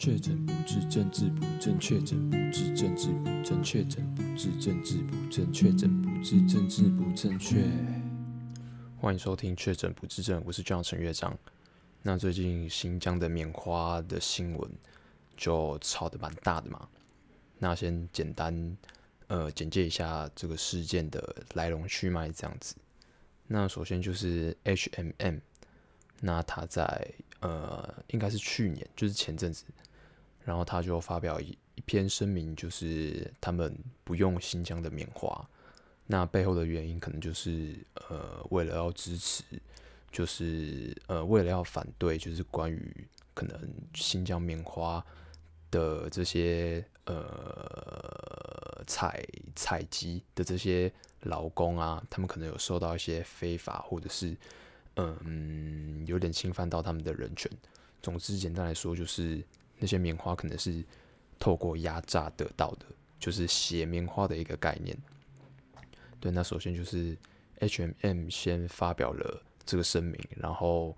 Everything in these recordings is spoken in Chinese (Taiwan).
確診不治，政治不正確；確診不治，政治不正確；確診不治，政治不正確；確診不治，政治不正確。確正確，歡迎收聽《確診不治症》，我是 John 陳樂章。那最近新疆的棉花的新聞就炒得蠻大的嘛，那先簡單呃簡介一下這個事件的來龍去脈這樣子。那首先就是 HMM，那他在呃應該是去年，就是前陣子。然後他就發表一一篇聲明，就是他們不用新疆的棉花。那背後的原因可能就是，呃，為了要支持，就是呃，為了要反對，就是關於可能新疆棉花的這些呃採採集的這些勞工啊，他們可能有受到一些非法或者是嗯、呃、有點侵犯到他們的人權。總之，簡單來說就是。那些棉花可能是透過壓榨得到的，就是寫棉花的一個概念。對，那首先就是 H&M 先發表了這個聲明，然後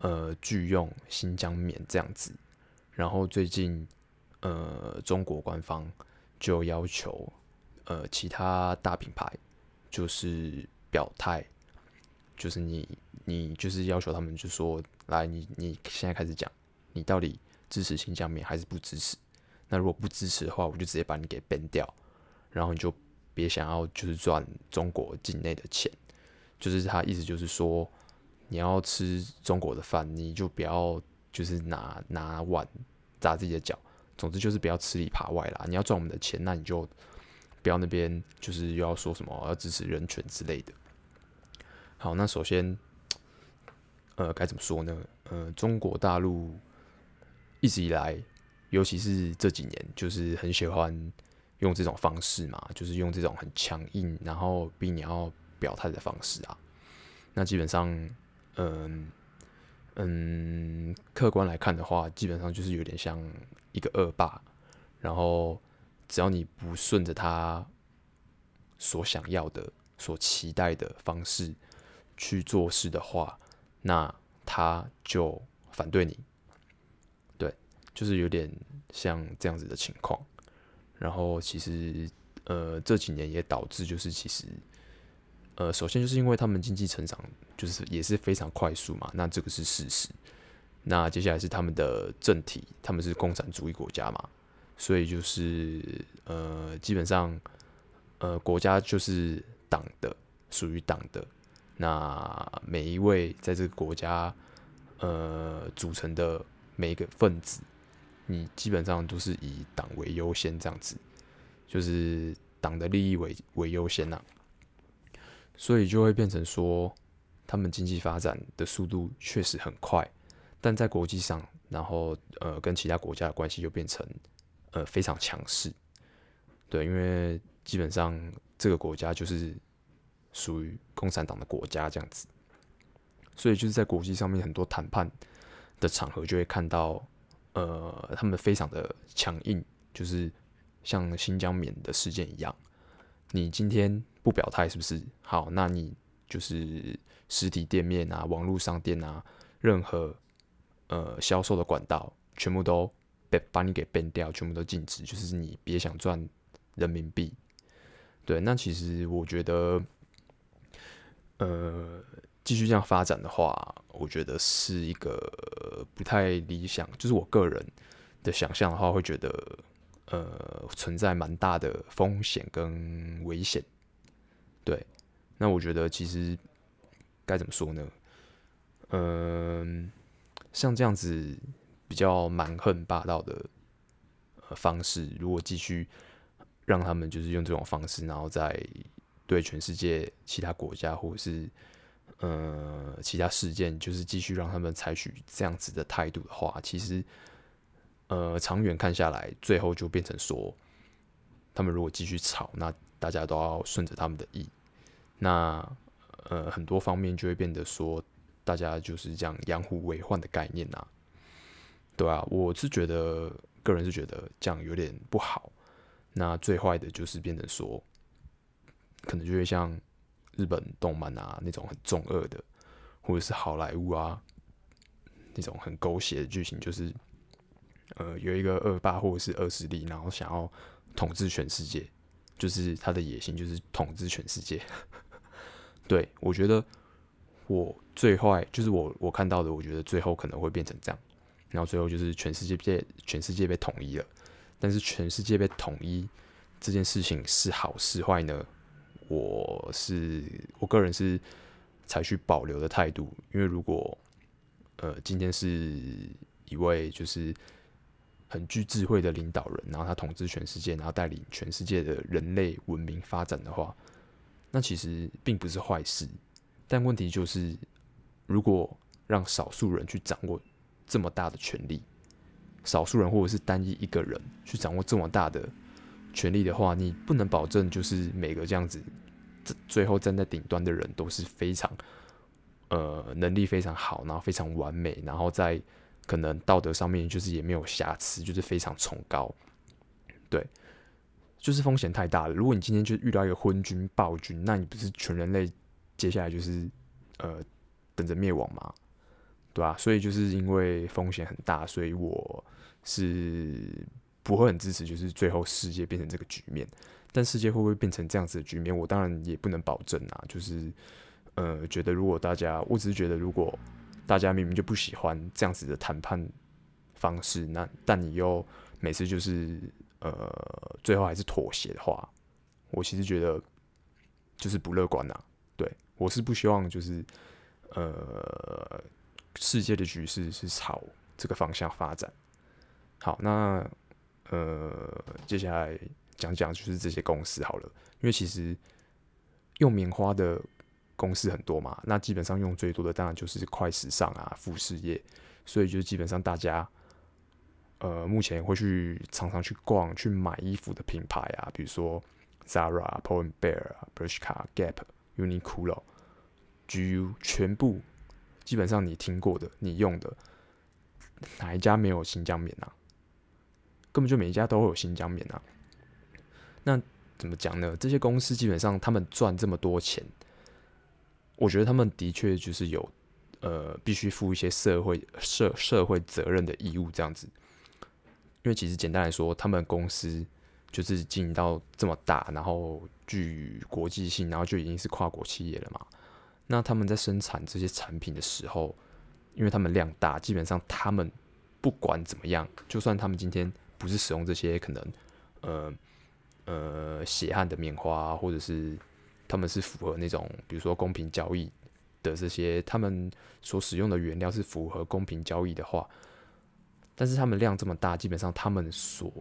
呃拒用新疆棉這樣子，然後最近呃中國官方就要求呃其他大品牌就是表態，就是你你就是要求他們就說來你你現在開始講，你到底，支持新疆棉還是不支持？那如果不支持的話，我就直接把你給 ban 掉，然後你就別想要就是賺中國境內的錢。就是他意思就是說，你要吃中國的飯，你就不要就是拿拿碗砸自己的腳。總之就是不要吃裡扒外啦。你要賺我們的錢，那你就不要那邊就是又要說什麼要支持人權之類的。好，那首先，呃，該怎麼說呢？呃，中國大陸。一直以來，尤其是這幾年，就是很喜歡用這種方式嘛，就是用這種很強硬，然後逼你要表態的方式啊。那基本上，嗯嗯，客觀來看的話，基本上就是有點像一個惡霸。然後，只要你不順着他所想要的、所期待的方式去做事的話，那他就反對你。就是有點像這樣子的情況，然後其實呃這幾年也導致就是其實呃首先就是因為他們經濟成長就是也是非常快速嘛，那這個是事實。那接下來是他們的政體，他們是共產主義國家嘛，所以就是呃基本上呃國家就是黨的，屬於黨的，那每一位在這個國家呃組成的每一個分子，你基本上都是以黨為優先，這樣子，就是黨的利益為為優先吶、啊，所以就會變成說，他們經濟發展的速度確實很快，但在國際上，然後呃，跟其他國家的關係又變成呃非常強勢，對，因為基本上這個國家就是屬於共產黨的國家這樣子，所以就是在國際上面很多談判的場合就會看到。呃，他們非常的強硬，就是像新疆棉的事件一樣，你今天不表態是不是？好，那你就是實體店面啊、網絡商店啊，任何呃銷售的管道，全部都被把你給 ban 掉，全部都禁止，就是你別想賺人民幣。對，那其實我覺得，呃。繼續這樣發展的話，我覺得是一個不太理想。就是我個人的想象的話，會覺得呃存在蠻大的風險跟危險。對，那我覺得其實該怎麼說呢？嗯、呃，像這樣子比較蠻橫霸道的、呃、方式，如果繼續讓他們就是用這種方式，然後再對全世界其他國家或者是。呃，其他事件就是繼續讓他們採取這樣子的態度的話，其實，呃，長遠看下來，最後就變成說，他們如果繼續吵，那大家都要順着他們的意，那呃，很多方面就會變得說，大家就是這樣養虎為患的概念啊，對啊，我是覺得，個人是覺得這樣有點不好，那最壞的就是變成說，可能就會像。日本動漫啊，那種很中二的，或者是好萊塢啊，那種很狗血的劇情，就是呃，有一個惡霸或者是惡勢力，然後想要統治全世界,就是他的野心就是統治全世界。 對，我覺得我最壞就是我我看到的，我覺得最後可能會變成這樣，然後最後就是全世界被全世界被統一了，但是全世界被統一這件事情是好是壞呢？我是我個人是採取保留的態度，因為如果呃今天是一位就是很具智慧的領導人，然後他統治全世界，然後帶領全世界的人類文明發展的話，那其實並不是壞事。但問題就是，如果讓少數人去掌握這麼大的權力，少數人或者是單一一個人去掌握這麼大的。權力的話，你不能保證就是每個這樣子，最後站在頂端的人都是非常，呃，能力非常好，然後非常完美，然後在可能道德上面就是也沒有瑕疵，就是非常崇高。對，就是風險太大了。如果你今天就遇到一個昏君暴君，那你不是全人類接下來就是呃等着滅亡嗎？對啊，所以就是因為風險很大，所以我是。不會很支持，就是最後世界變成這個局面，但世界會不會變成這樣子的局面，我當然也不能保證啊。就是，呃，覺得如果大家，我只是覺得如果大家明明就不喜歡這樣子的談判方式，那但你又每次就是呃，最後還是妥協的話，我其實覺得就是不樂觀吶啊。對我是不希望就是，呃，世界的局勢是朝這個方向發展。好，那。呃，接下來講講就是這些公司好了，因為其實用棉花的公司很多嘛，那基本上用最多的當然就是快時尚啊、服飾業，所以就基本上大家，呃，目前會去常常去逛、去買衣服的品牌啊，比如說 Zara、Pull&Bear、Bershka、Gap、Uniqlo、GU，全部基本上你聽過的、你用的哪一家沒有新疆棉啊？根本就每一家都會有新疆棉啊，那怎麼講呢？這些公司基本上他們賺這麼多錢，我覺得他們的確就是有呃必須負一些社會社社會責任的義務。這樣子，因為其實簡單來說，他們公司就是經營到這麼大，然後具國際性，然後就已經是跨國企業了嘛。那他們在生產這些產品的時候，因為他們量大，基本上他們不管怎麼樣，就算他們今天不是使用這些可能，呃呃，血汗的棉花啊，或者是他們是符合那種，比如說公平交易的這些，他們所使用的原料是符合公平交易的話，但是他們量這麼大，基本上他們所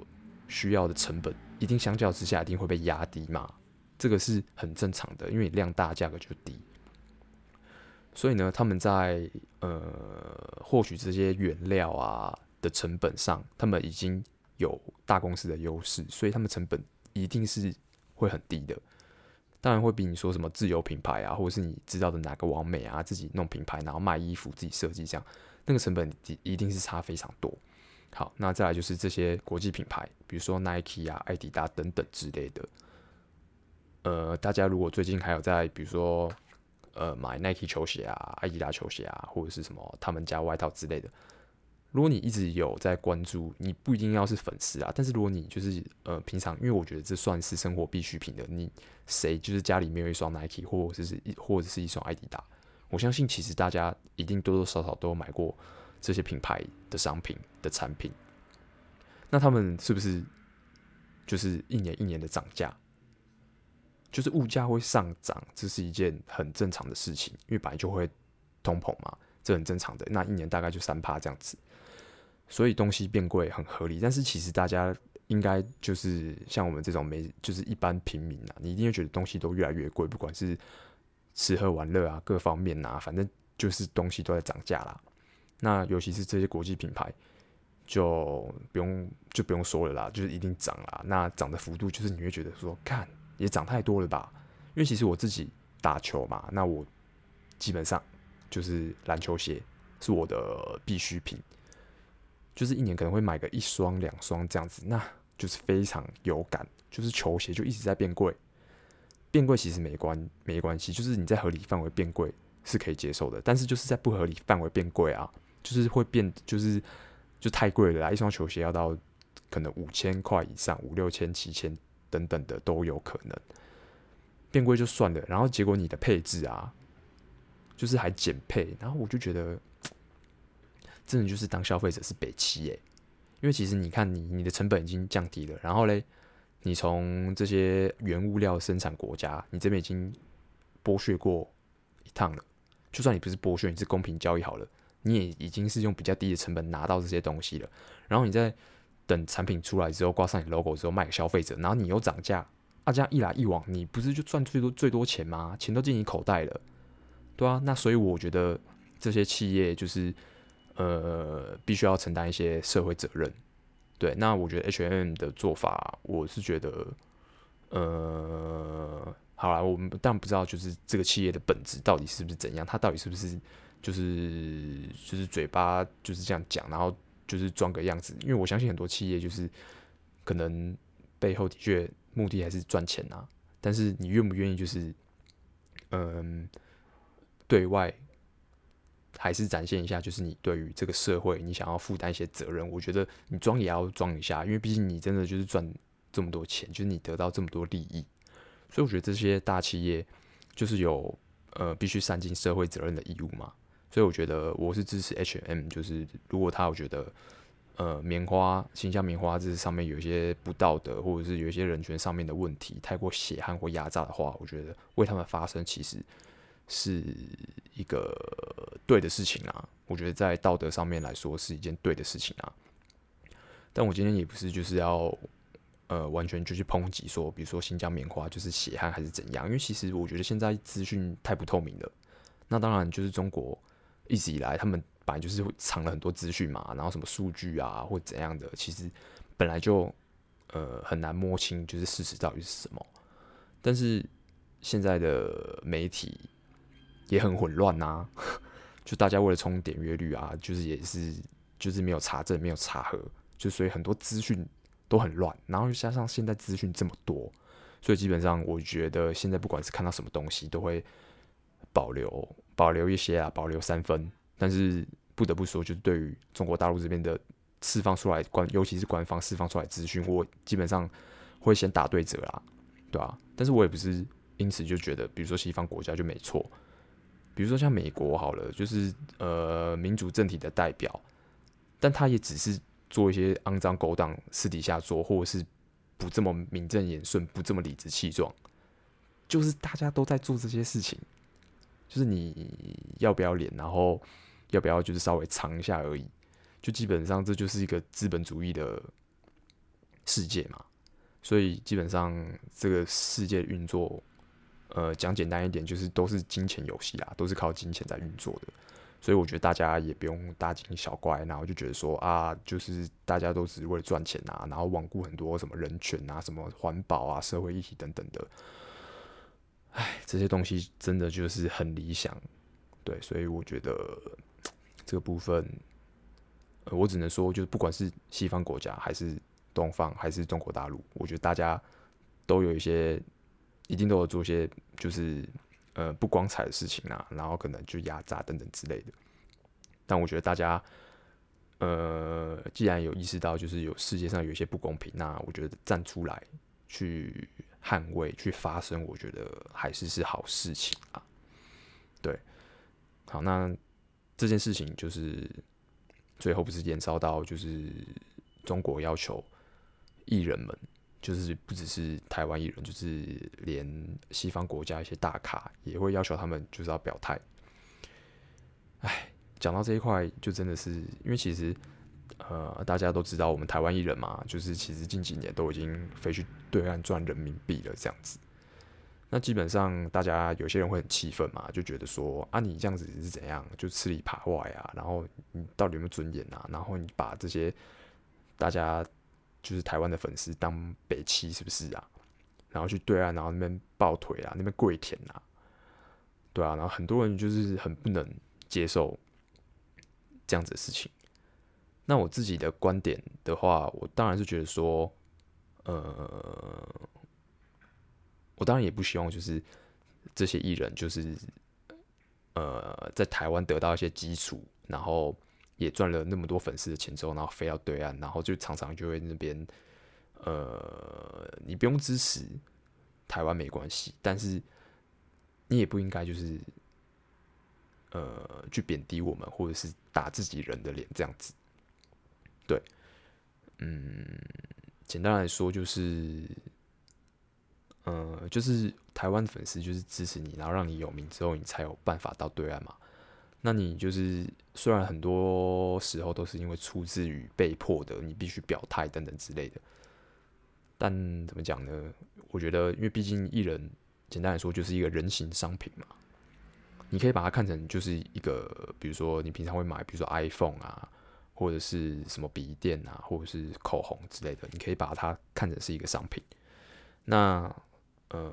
需要的成本一定相較之下一定會被壓低嘛，這個是很正常的，因為量大價格就低，所以呢，他們在呃獲取這些原料啊的成本上，他們已經。有大公司的優勢，所以他們成本一定是會很低的。當然會比你說什麼自有品牌啊，或者是你知道的哪個網美啊，自己弄品牌然後賣衣服自己設計這樣，那個成本一定是差非常多。好，那再來就是這些國際品牌，比如說 Nike 啊、愛迪達等等之類的。呃，大家如果最近還有在比如說呃買 Nike 球鞋啊、愛迪達球鞋啊，或者是什麼他們家外套之類的。如果你一直有在關注，你不一定要是粉絲啊，但是如果你就是呃平常，因為我覺得這算是生活必需品，的你誰就是家裡面有一雙 Nike，或者是一或者是一雙愛迪達，我相信其實大家一定多多少少都有買過這些品牌的商品的產品。那他們是不是就是一年一年的漲價，就是物價會上漲，這是一件很正常的事情，因為本來就會通膨嘛，這很正常的。那一年大概就三趴這樣子。所以東西變貴很合理，但是其實大家應該就是像我們這種沒就是一般平民啊，你一定會覺得東西都越來越貴，不管是吃喝玩樂啊，各方面啊，反正就是東西都在漲價啦。那尤其是這些國際品牌，就不用就不用說了啦，就是一定漲啦。那漲的幅度就是你會覺得說，幹也漲太多了吧？因為其實我自己打球嘛，那我基本上就是籃球鞋是我的必需品。就是一年可能會買個一雙兩雙這樣子，那就是非常有感。就是球鞋就一直在變貴，變貴其實沒關沒關係，就是你在合理範圍變貴是可以接受的。但是就是在不合理範圍變貴啊，就是會變，就是就太貴了啦。一雙球鞋要到可能五千塊以上，五六千、七千等等的都有可能。變貴就算了。然後結果你的配置啊，就是還減配，然後我就覺得。真的就是當消費者是北七哎，因為其實你看你，你你的成本已經降低了，然後嘞，你從這些原物料生產國家，你這邊已經剝削過一趟了。就算你不是剝削，你是公平交易好了，你也已經是用比較低的成本拿到這些東西了。然後你再等產品出來之後，掛上你 logo 之後賣給消費者，然後你又漲價，啊，這樣一來一往，你不是就賺最多最多錢嗎？錢都進你口袋了，對啊。那所以我覺得這些企業就是。呃，必須要承擔一些社會責任。對，那我覺得 H&M 的做法，我是覺得，呃，好啦，我們當然不知道，就是這個企業的本質到底是不是怎樣，它到底是不是就是就是嘴巴就是這樣講，然後就是裝個樣子。因為我相信很多企業就是可能背後的確目的還是賺錢啊，但是你願不願意就是，嗯、呃，對外。還是展現一下，就是你對於這個社會，你想要負擔一些責任。我覺得你裝也要裝一下，因為畢竟你真的就是賺這麼多錢，就是你得到這麼多利益，所以我覺得這些大企業就是有呃必須善盡社會責任的義務嘛。所以我覺得我是支持 H&M，就是如果他我覺得呃棉花新疆棉花這上面有一些不道德，或者是有一些人權上面的問題太過血汗或壓榨的話，我覺得為他們發聲其實。是一個對的事情啊，我覺得在道德上面來說是一件對的事情啊。但我今天也不是就是要呃完全就去抨擊說，比如說新疆棉花就是血汗還是怎樣？因為其實我覺得現在資訊太不透明了。那當然就是中國一直以來他們本來就是會藏了很多資訊嘛，然後什麼數據啊或怎樣的，其實本來就呃很難摸清就是事實到底是什麼。但是現在的媒體。也很混亂吶，就大家為了衝點閱率啊，就是也是就是沒有查證，沒有查核，就所以很多資訊都很亂。然後加上現在資訊這麼多，所以基本上我覺得現在不管是看到什麼東西，都會保留保留一些啊，保留三分。但是不得不說，就是對於中國大陸這邊的釋放出來官，尤其是官方釋放出來資訊，我基本上會先打對折啦，對吧？但是我也不是因此就覺得，比如說西方國家就沒錯。比如說像美國好了，就是呃民主政體的代表，但他也只是做一些骯髒勾當，私底下做，或者是不這麼名正言順，不這麼理直氣壯，就是大家都在做這些事情，就是你要不要臉，然後要不要就是稍微藏一下而已，就基本上這就是一個資本主義的世界嘛，所以基本上這個世界運作。呃，講簡單一點，就是都是金錢遊戲啦,都是靠金錢在運作的，所以我覺得大家也不用大驚小怪，然後就覺得說啊,就是大家都只是為了賺錢啊，然後罔顧很多什麼人權啊、什麼環保啊、社會議題等等的,哎，這些東西真的就是很理想，對，所以我覺得這個部分，呃，我只能說，就是不管是西方國家，還是東方，還是中國大陸，我覺得大家都有一些。一定都有做些就是呃不光彩的事情啊，然後可能就壓榨等等之類的。但我覺得大家呃，既然有意識到，就是有世界上有一些不公平，那我覺得站出來去捍衛、去發聲，我覺得還是是好事情啊。對，好，那這件事情就是最後不是延燒到就是中國要求藝人們。就是不只是台灣藝人，就是連西方國家一些大咖也會要求他們就是要表態。唉，講到這一塊，就真的是因為其實，呃，大家都知道我們台灣藝人嘛，就是其實近幾年都已經飛去對岸賺人民幣了這樣子。那基本上，大家有些人會很氣憤嘛，就覺得說啊，你這樣子是怎樣，就吃裡扒外啊，然後你到底有沒有尊嚴啊？然後你把這些大家。就是台灣的粉絲當北七是不是啊？然後去對岸，啊，然後那邊抱腿啊，那邊跪舔啊，對啊，然後很多人就是很不能接受這樣子的事情。那我自己的觀點的話，我當然是覺得說，呃，我當然也不希望就是這些藝人就是呃在台灣得到一些基礎，然後。也賺了那麼多粉絲的錢之後，然後飛到對岸，然後就常常就會那邊，呃，你不用支持台灣沒關係，但是你也不應該就是，呃，去貶低我們，或者是打自己人的臉這樣子。對，嗯，簡單來說就是，呃，就是台灣粉絲就是支持你，然後讓你有名之後，你才有辦法到對岸嘛。那你就是雖然很多時候都是因為出自於被迫的，你必須表態等等之類的，但怎麼講呢？我覺得，因為畢竟藝人，簡單來說就是一個人形商品嘛。你可以把它看成就是一個，比如說你平常會買，比如說 iPhone 啊，或者是什麼筆電啊，或者是口紅之類的，你可以把它看成是一個商品。那呃，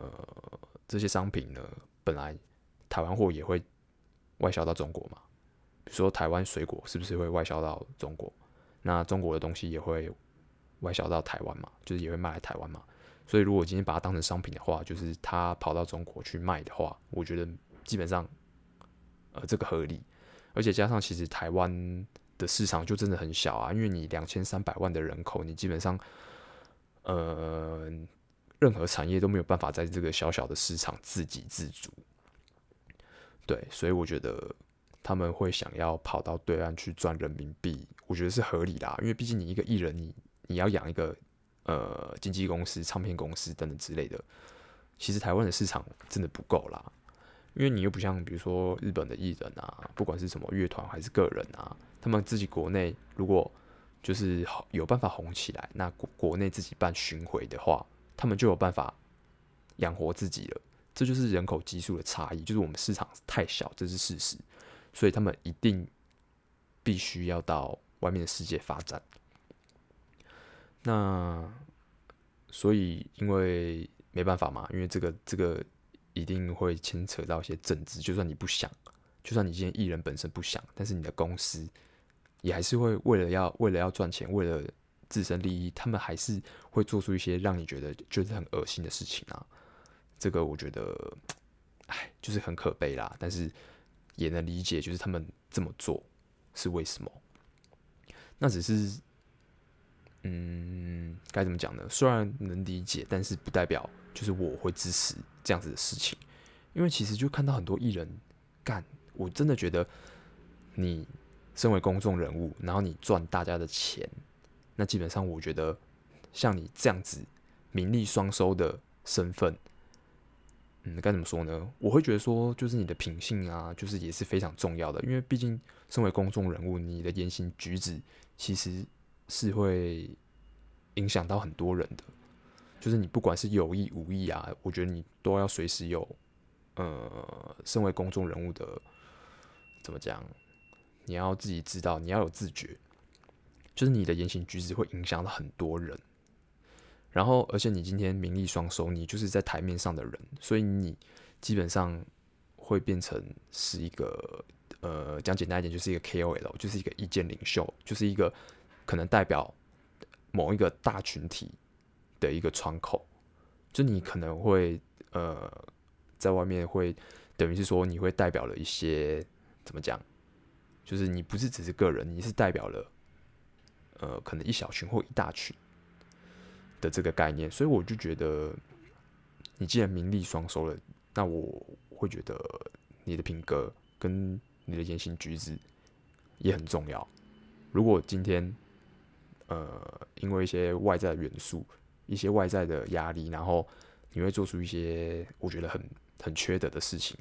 這些商品呢，本來台灣貨也會。外銷到中國嘛，比如說台灣水果是不是會外銷到中國？那中國的東西也會外銷到台灣嘛？就是也會賣來台灣嘛？所以如果今天把它當成商品的話，就是它跑到中國去賣的話，我覺得基本上呃這個合理。而且加上其實台灣的市場就真的很小啊，因為你兩千三百萬的人口，你基本上呃任何產業都沒有辦法在這個小小的市場自給自足。對，所以我覺得他們會想要跑到對岸去賺人民幣，我覺得是合理啦。因為畢竟你一個藝人你，你你要養一個呃經紀公司、唱片公司等等之類的，其實台灣的市場真的不夠啦。因為你又不像比如說日本的藝人啊，不管是什麼樂團還是個人啊，他們自己國內如果就是有辦法紅起來，那國國內自己辦巡迴的話，他們就有辦法養活自己了。這就是人口基數的差異，就是我們市場太小，這是事實，所以他們一定必須要到外面的世界發展。那所以因為沒辦法嘛，因為這個這個一定會牽扯到一些政治，就算你不想，就算你今天藝人本身不想，但是你的公司也還是會為了要，為了要賺錢，為了自身利益，他們還是會做出一些讓你覺得就是很噁心的事情啊。這個我覺得，哎，就是很可悲啦。但是也能理解，就是他們這麼做是為什麼？那只是，嗯，該怎麼講呢？雖然能理解，但是不代表就是我會支持這樣子的事情。因為其實就看到很多藝人幹，我真的覺得，你身為公眾人物，然後你賺大家的錢，那基本上我覺得，像你這樣子名利雙收的身份。嗯，該怎麼說呢？我會覺得說，就是你的品性啊，就是也是非常重要的。因為畢竟身為公眾人物，你的言行舉止其實是會影響到很多人的。就是你不管是有意無意啊，我覺得你都要隨時有，呃，身為公眾人物的，怎麼講，你要自己知道，你要有自覺，就是你的言行舉止會影響到很多人。然後，而且你今天名利雙收，你就是在台面上的人，所以你基本上會變成是一個呃，講簡單一點，就是一個 KOL，就是一個意見領袖，就是一個可能代表某一個大群體的一個窗口。就你可能會呃，在外面會等於是說你會代表了一些怎麼講，就是你不是只是個人，你是代表了呃，可能一小群或一大群，的這個概念，所以我就覺得，你既然名利雙收了，那我會覺得你的品格跟你的言行舉止也很重要。如果今天，呃，因為一些外在元素、一些外在的壓力，然後你會做出一些我覺得很很缺德的事情，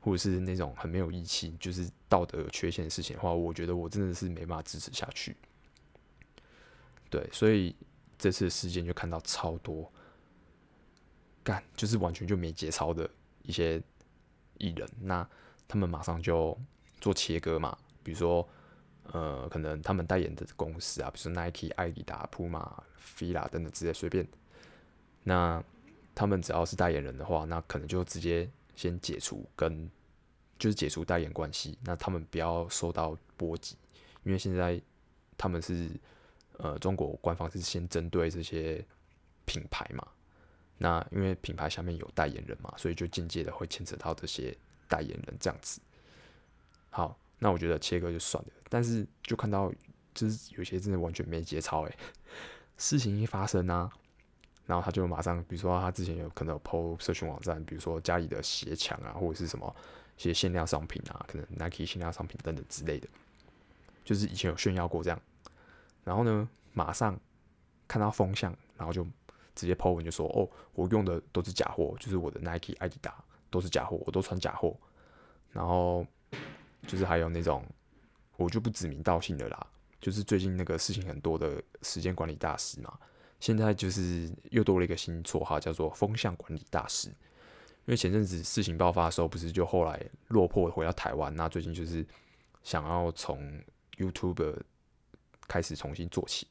或者是那種很沒有義氣、就是道德缺陷的事情的話，我覺得我真的是沒辦法支持下去。對，所以。這次的事件就看到超多幹，就是完全就沒節操的一些藝人，那他們馬上就做切割嘛，比如說呃，可能他們代言的公司啊，比如說 Nike、愛迪達、Puma、Fila 等等之類的，隨便，那他們只要是代言人的話，那可能就直接先解除跟就是解除代言關係，那他們不要受到波及，因為現在他們是。呃，中國官方是先針對這些品牌嘛，那因為品牌下面有代言人嘛，所以就間接的會牽扯到這些代言人這樣子。好，那我覺得切割就算了，但是就看到就是有些真的完全沒節操誒。事情一發生呢、啊，然後他就馬上，比如說他之前有可能有 PO 社群網站，比如說家裡的鞋牆啊，或者是什麼一些限量商品啊，可能 Nike 限量商品等等之類的，就是以前有炫耀過這樣。然後呢，馬上看到風向，然後就直接 PO 文就說：“哦，我用的都是假貨，就是我的 Nike、Adidas 都是假貨，我都穿假貨。”然後就是還有那種我就不指名道姓的啦，就是最近那個事情很多的時間管理大師嘛，現在就是又多了一個新綽號叫做“風向管理大師”，因為前陣子事情爆發的時候，不是就後來落魄回到台灣，那最近就是想要從 YouTube 開始重新做起，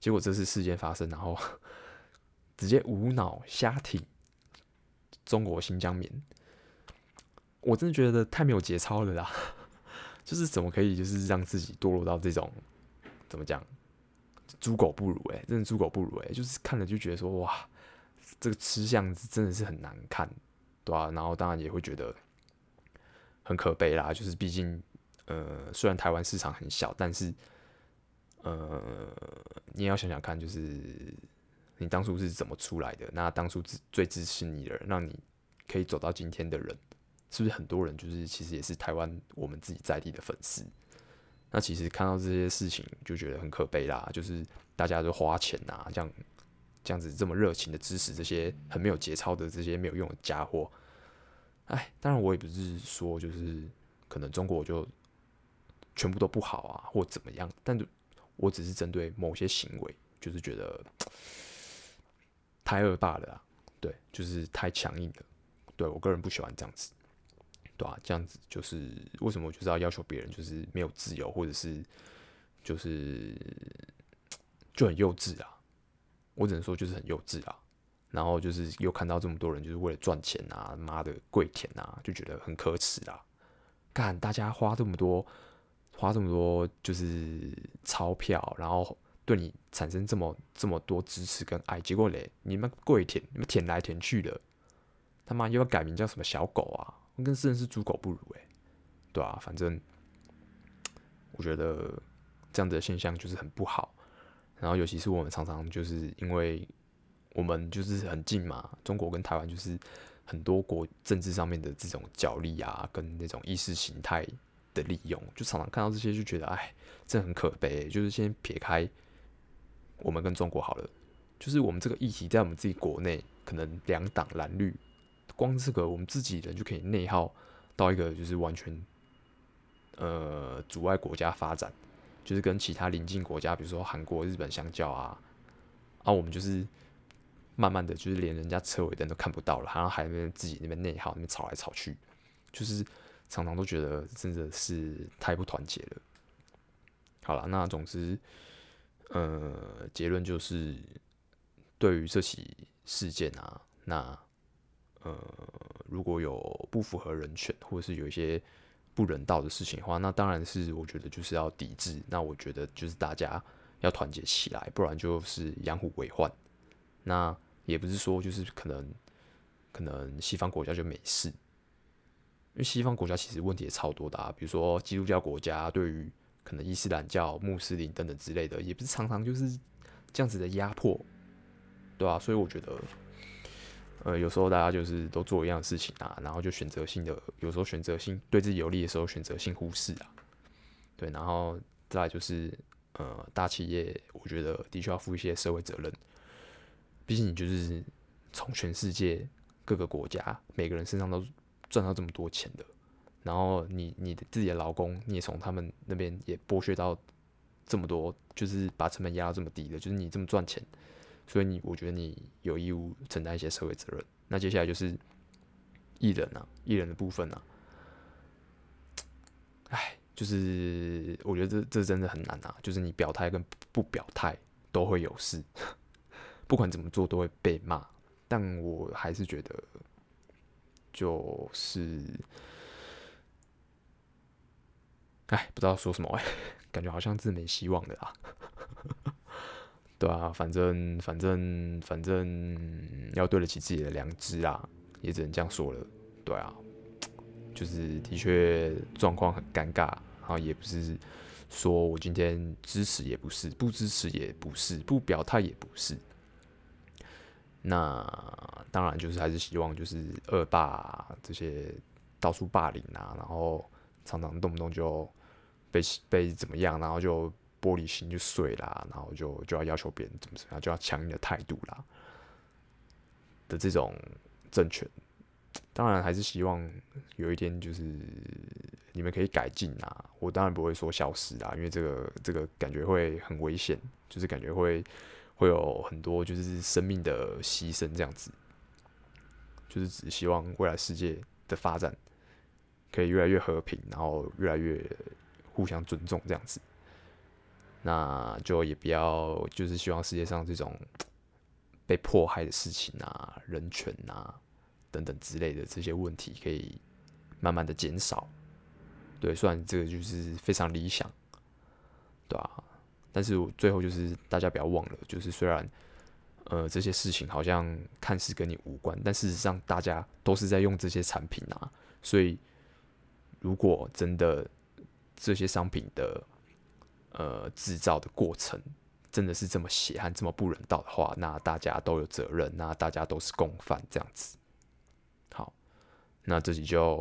結果這次事件發生，然後直接無腦瞎挺中國新疆棉，我真的覺得太沒有節操了啦！就是怎麼可以，就是讓自己墮落到這種，怎麼講，豬狗不如欸，真的豬狗不如欸！就是看了就覺得說，哇，這個吃相真的是很難看，對吧？然後當然也會覺得很可悲啦，就是畢竟，呃，雖然台灣市場很小，但是。呃，你要想想看，就是你當初是怎麼出來的？那當初最支持你的人，讓你可以走到今天的人，是不是很多人？就是其實也是台灣我們自己在地的粉絲。那其實看到這些事情，就覺得很可悲啦。就是大家都花錢吶、啊，這樣這樣子這麼熱情的支持這些很沒有節操的這些沒有用的傢伙。哎，當然我也不是說就是可能中國就全部都不好啊，或怎麼樣，但就。我只是針對某些行為，就是覺得太惡霸了，對，就是太強硬了，對我個人不喜歡這樣子，對吧？這樣子就是為什麼我就是要要求別人就是沒有自由，或者是就是就很幼稚啊！我只能說就是很幼稚啊！然後就是又看到這麼多人就是為了賺錢啊，媽的跪舔啊，就覺得很可恥啦！看大家花這麼多。花這麼多就是鈔票，然後對你產生這麼這麼多支持跟愛，結果嘞，你們跪舔，你們舔來舔去的，他媽又要改名叫什麼小狗啊，跟真是豬狗不如誒、欸。對啊，反正我覺得這樣子的現象就是很不好。然後，尤其是我們常常就是因為我們就是很近嘛，中國跟台灣就是很多國政治上面的這種角力啊，跟那種意識形態的利用，就常常看到這些，就覺得哎，這很可悲。就是先撇開我們跟中國好了，就是我們這個議題在我們自己國內，可能兩黨藍綠，光這個我們自己人就可以內耗到一個就是完全呃阻礙國家發展，就是跟其他鄰近國家，比如說，韓國、日本相較啊，啊，我們就是慢慢的就是連人家車尾燈都看不到了，然後還在那邊自己那邊內耗，那邊吵來吵去，就是。常常都覺得真的是太不團結了。好啦，那總之，呃，結論就是，對於這起事件啊，那呃，如果有不符合人權或者是有一些不人道的事情的話，那當然是我覺得就是要抵制。那我覺得就是大家要團結起來，不然就是養虎為患。那也不是說就是可能，可能西方國家就沒事。因為西方國家其實問題也超多的啊，比如說基督教國家對於可能伊斯蘭教、穆斯林等等之類的，也不是常常就是這樣子的壓迫，對啊，所以我覺得，呃，有時候大家就是都做一樣的事情啊，然後就選擇性的，有時候選擇性對自己有利的時候選擇性忽視啊，對，然後再來就是呃，大企業我覺得的確要負一些社會責任，畢竟你就是從全世界各個國家每個人身上都。賺到這麼多錢的，然後你你的自己的勞工，你也從他們那邊也剝削到這麼多，就是把成本壓到這麼低的，就是你這麼賺錢，所以你我覺得你有義務承擔一些社會責任。那接下來就是藝人啊，藝人的部分啊，唉，就是我覺得這這真的很難啊，就是你表態跟不表態都會有事，不管怎麼做都會被罵，但我還是覺得。就是，哎，不知道說什麼哎、欸，感覺好像是沒希望的啦， 對啊，反正，反正，反正要對得起自己的良知啊，也只能這樣說了。對啊，就是的確狀況很尷尬，然後也不是說我今天支持也不是，不支持也不是，不表態也不是。那當然就是還是希望就是惡霸啊，這些到處霸凌啊，然後常常動不動就被被怎麼樣，然後就玻璃心就碎啦，然後就就要要求別人怎麼怎麼樣，就要強硬的態度啦的這種政權，當然還是希望有一天就是你們可以改進啊，我當然不會說消失啊，因為這個這個感覺會很危險，就是感覺會。會有很多就是生命的犧牲，這樣子，就是只希望未來世界的發展可以越來越和平，然後越來越互相尊重，這樣子，那就也不要就是希望世界上這種被迫害的事情啊、人權啊等等之類的這些問題可以慢慢的減少。對，雖然這個就是非常理想。但是最後就是大家不要忘了，就是雖然呃這些事情好像看似跟你無關，但事實上大家都是在用這些產品啊。所以如果真的這些商品的呃製造的過程真的是這麼血汗、這麼不人道的話，那大家都有責任，那大家都是共犯這樣子。好，那這集就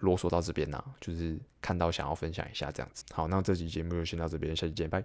囉嗦到這邊啦、啊，就是看到想要分享一下這樣子。好，那這集節目就先到這邊，下期見，拜。